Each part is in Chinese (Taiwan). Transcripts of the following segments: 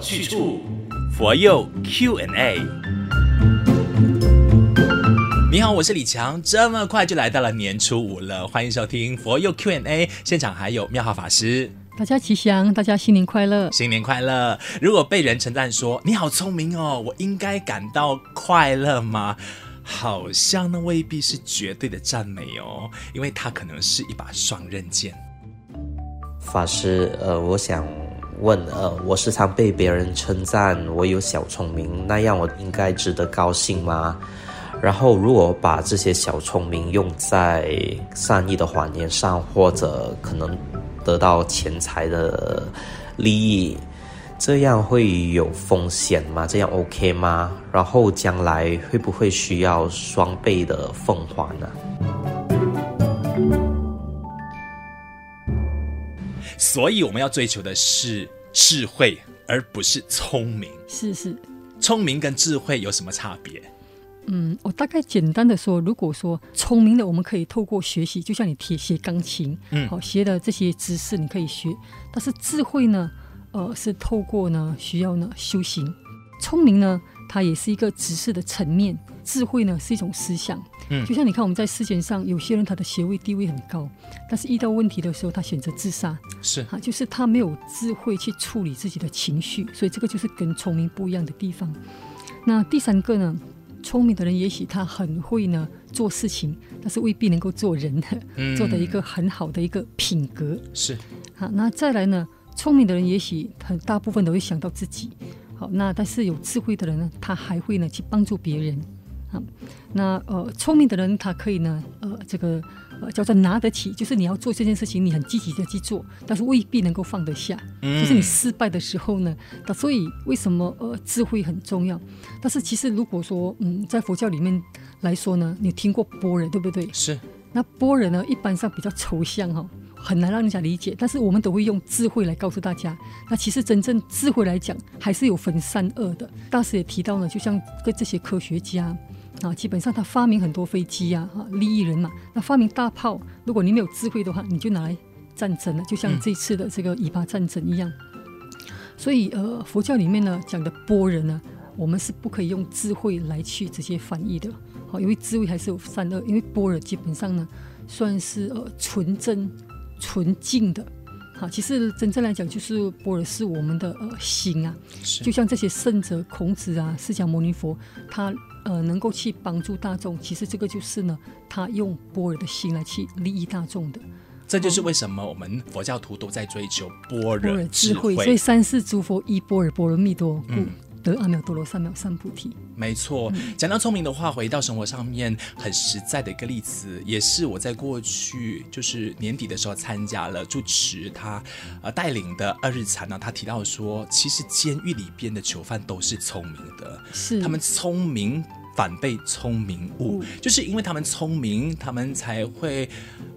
去處佛佑 Q&A。你好，我是理強，這麼快就來到了年初五了，歡迎收聽佛佑 Q&A。A, 現場還有妙豪法師，大家吉祥，大家新年快樂，新年快樂。如果被人稱讚說你好聰明哦，我應該感到快樂嗎？好像那未必是絕對的讚美哦，因為它可能是一把雙刃劍。法師，呃，我想。問呃，我時常被別人稱讚我有小聰明，那樣我應該值得高興嗎？然後如果把這些小聰明用在善意的謊言上，或者可能得到錢財的利益，這樣會有風險嗎？這樣 OK 嗎？然後將來會不會需要雙倍的奉還呢？所以我們要追求的是智慧，而不是聰明。是是，聰明跟智慧有什麼差別？嗯，我、哦、大概簡單的說，如果說聰明的，我們可以透過學習，就像你學鋼琴，嗯，好、哦、學的這些知識，你可以學。但是智慧呢，呃，是透過呢需要呢修行。聰明呢，它也是一個知識的層面。智慧呢是一種思想，嗯，就像你看我們在世界上，有些人他的學位、地位很高，但是遇到問題的時候，他選擇自殺。是啊，就是他沒有智慧去處理自己的情緒，所以這個就是跟聰明不一樣的地方。那第三個呢，聰明的人也許他很會呢做事情，但是未必能夠做人，嗯、做的一個很好的一個品格。是啊，那再來呢，聰明的人也許很大部分都會想到自己，好，那但是有智慧的人呢，他還會呢去幫助別人。好那呃，聰明的人他可以呢，呃，這個、呃、叫做拿得起，就是你要做這件事情，你很積極的去做，但是未必能夠放得下。嗯、就是你失敗的時候呢，那所以為什麼呃智慧很重要？但是其實如果說嗯，在佛教裡面來說呢，你聽過般若對不對？是。那般若呢，一般上比較抽象哈，很難讓人家理解。但是我們都會用智慧來告訴大家。那其實真正智慧來講，還是有分善惡的。大師也提到了，就像跟這些科學家。啊，基本上他發明很多飛機呀，哈，利益人嘛。那發明大炮，如果你沒有智慧的話，你就拿來戰爭了。就像這次的這個以巴戰爭一樣。嗯、所以，呃，佛教裡面呢講的般若呢，我們是不可以用智慧來去直接翻譯的，好，因為智慧還是有善惡。因為般若基本上呢，算是呃純真、純淨的。好，其實真正來講，就是般若是我們的、呃、心啊，是就像這些聖者孔子啊、釋迦牟尼佛，他呃能夠去幫助大眾，其實這個就是呢，他用般若的心來去利益大眾的。這就是為什麼我們佛教徒都在追求般若智慧，所以三世諸佛依般若波羅蜜多故。嗯得阿耨多羅三藐三菩提。沒錯，講到聰明的話，回到生活上面很實在的一個例子，也是我在過去就是年底的時候參加了住持他呃帶領的二日禪呢，他提到說，其實監獄裡邊的囚犯都是聰明的，是他們聰明反被聰明誤，嗯、就是因為他們聰明，他們才會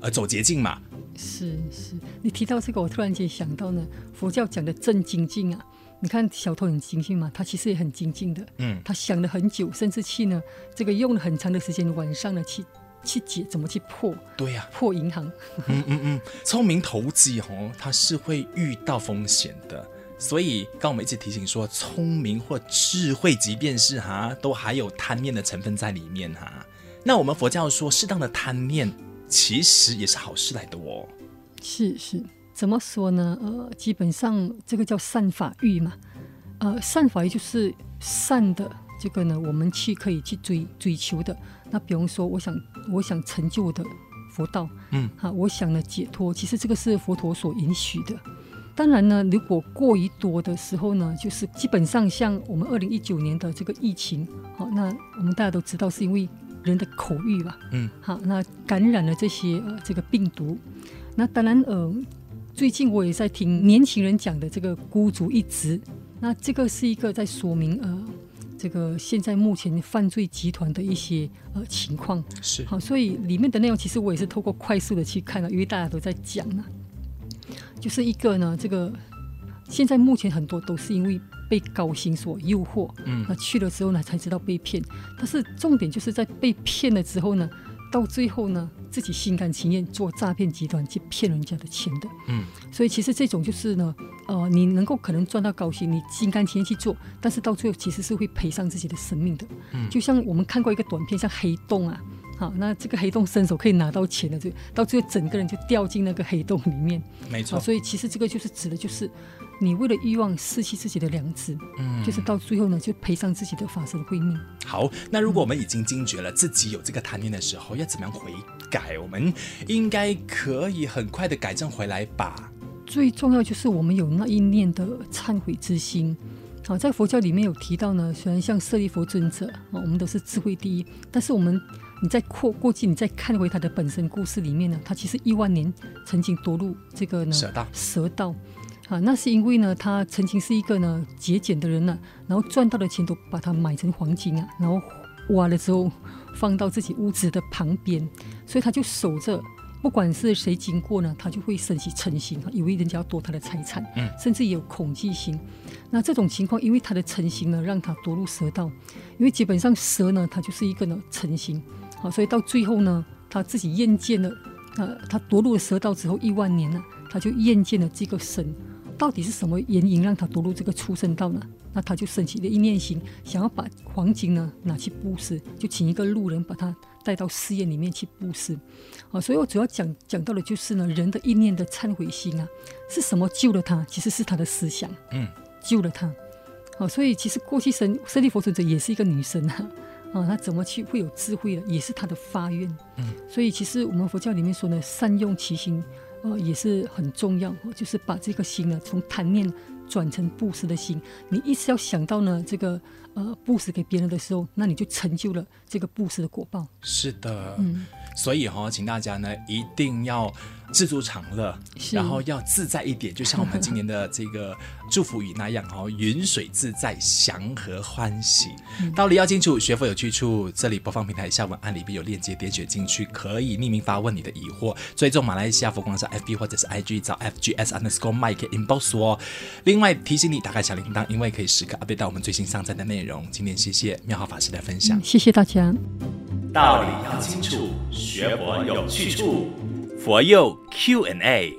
呃走捷徑嘛。是是，你提到這個，我突然間想到呢，佛教講的正精進啊。你看小偷很精進嘛，他其實也很精進的。嗯，他想了很久，甚至去呢，這個用了很長的時間，晚上呢去去解怎麼去破。對呀，破銀行。嗯嗯嗯，聰明投機哈，他是會遇到風險的。所以剛剛我們一直提醒說，聰明或智慧，即便是哈，都還有貪念的成分在裡面哈。那我們佛教說，適當的貪念其實也是好事來的哦。是是。是怎麼說呢？呃，基本上這個叫善法欲嘛，呃，善法欲就是善的這個呢，我們去可以去追追求的。那比方說，我想，我想成就的佛道，嗯，好、啊，我想呢解脫。其實這個是佛陀所允許的。當然呢，如果過於多的時候呢，就是基本上像我們二零一九年的這個疫情，好、啊，那我們大家都知道是因為人的口欲吧，嗯，好、啊，那感染了這些、呃、這個病毒，那當然呃。最近我也在聽年輕人講的這個孤注一擲，那這個是一個在說明呃，這個現在目前犯罪集團的一些、嗯、呃情況是好、啊，所以裡面的內容其實我也是透過快速的去看了、啊，因為大家都在講啊，就是一個呢，這個現在目前很多都是因為被高薪所誘惑，嗯，那去了之後呢才知道被騙，但是重點就是在被騙了之後呢。到最後呢，自己心甘情願做詐騙集團去騙人家的錢的，嗯，所以其實這種就是呢，呃，你能夠可能賺到高薪，你心甘情願去做，但是到最後其實是會賠上自己的生命的，嗯，就像我們看過一個短片，像黑洞啊。好，那這個黑洞伸手可以拿到錢的，就到最後整個人就掉進那個黑洞裡面。沒錯、啊，所以其實這個就是指的，就是你為了欲望失去自己的良知，嗯，就是到最後呢，就賠上自己的法身慧命。好，那如果我們已經驚覺了自己有這個貪念的時候，嗯、要怎麼樣悔改？我們應該可以很快地改正回來吧？最重要就是我們有那一念的懺悔之心。好、啊，在佛教裡面有提到呢，雖然像舍利弗尊者啊，我們都是智慧第一，但是我們。你再擴過，過去，你再看回他的本身故事裡面呢，他其實億萬年曾經墮入這個呢蛇道、蛇道，啊，那是因為呢，他曾經是一個呢節儉的人呢、啊，然後賺到的錢都把它買成黃金啊，然後挖了之後放到自己屋子的旁邊，所以他就守着，不管是誰經過呢，他就會升起嗔心，以為人家要奪他的財產，嗯、甚至有恐懼心。那這種情況，因為他的嗔心呢，讓他墮入蛇道，因為基本上蛇呢，它就是一個呢嗔心。成好，所以到最後呢，他自己厭倦了，呃、他他墮入了蛇道之後億萬年呢，他就厭倦了這個神。到底是什麼原因讓他墮入這個畜生道呢？那他就升起了一念心，想要把黃金呢拿去布施，就請一個路人把他帶到寺院裡面去布施，呃。所以我主要講講到的就是呢，人的意念的懺悔心啊，是什麼救了他？其實是他的思想，嗯，救了他。好，呃，所以其實過去生舍利弗尊者也是一個女神，啊啊，他怎麼去會有智慧的？也是他的發願。嗯，所以其實我們佛教裡面說呢，善用其心，呃，也是很重要。就是把這個心呢，從貪念轉成布施的心。你一直要想到呢，這個呃布施給別人的時候，那你就成就了這個布施的果報。是的。嗯。所以哈、哦，請大家呢一定要知足常樂，是然後要自在一點，就像我們今年的這個祝福語那樣哦，雲水自在，祥和歡喜。嗯、道理要清楚，學佛有去處。這裡播放平台下文案裡邊有鏈接，點選進去可以匿名發問你的疑惑。追蹤馬來西亞佛光山 FB 或者是 IG 找 F G S underscore my inbox 哦。另外提醒你打開小鈴鐺，因為可以時刻 update 到我們最新上載的內容。今天謝謝妙豪法師的分享，嗯、謝謝大家。道理要清楚。學佛有去處，佛佑 Q&A n。A.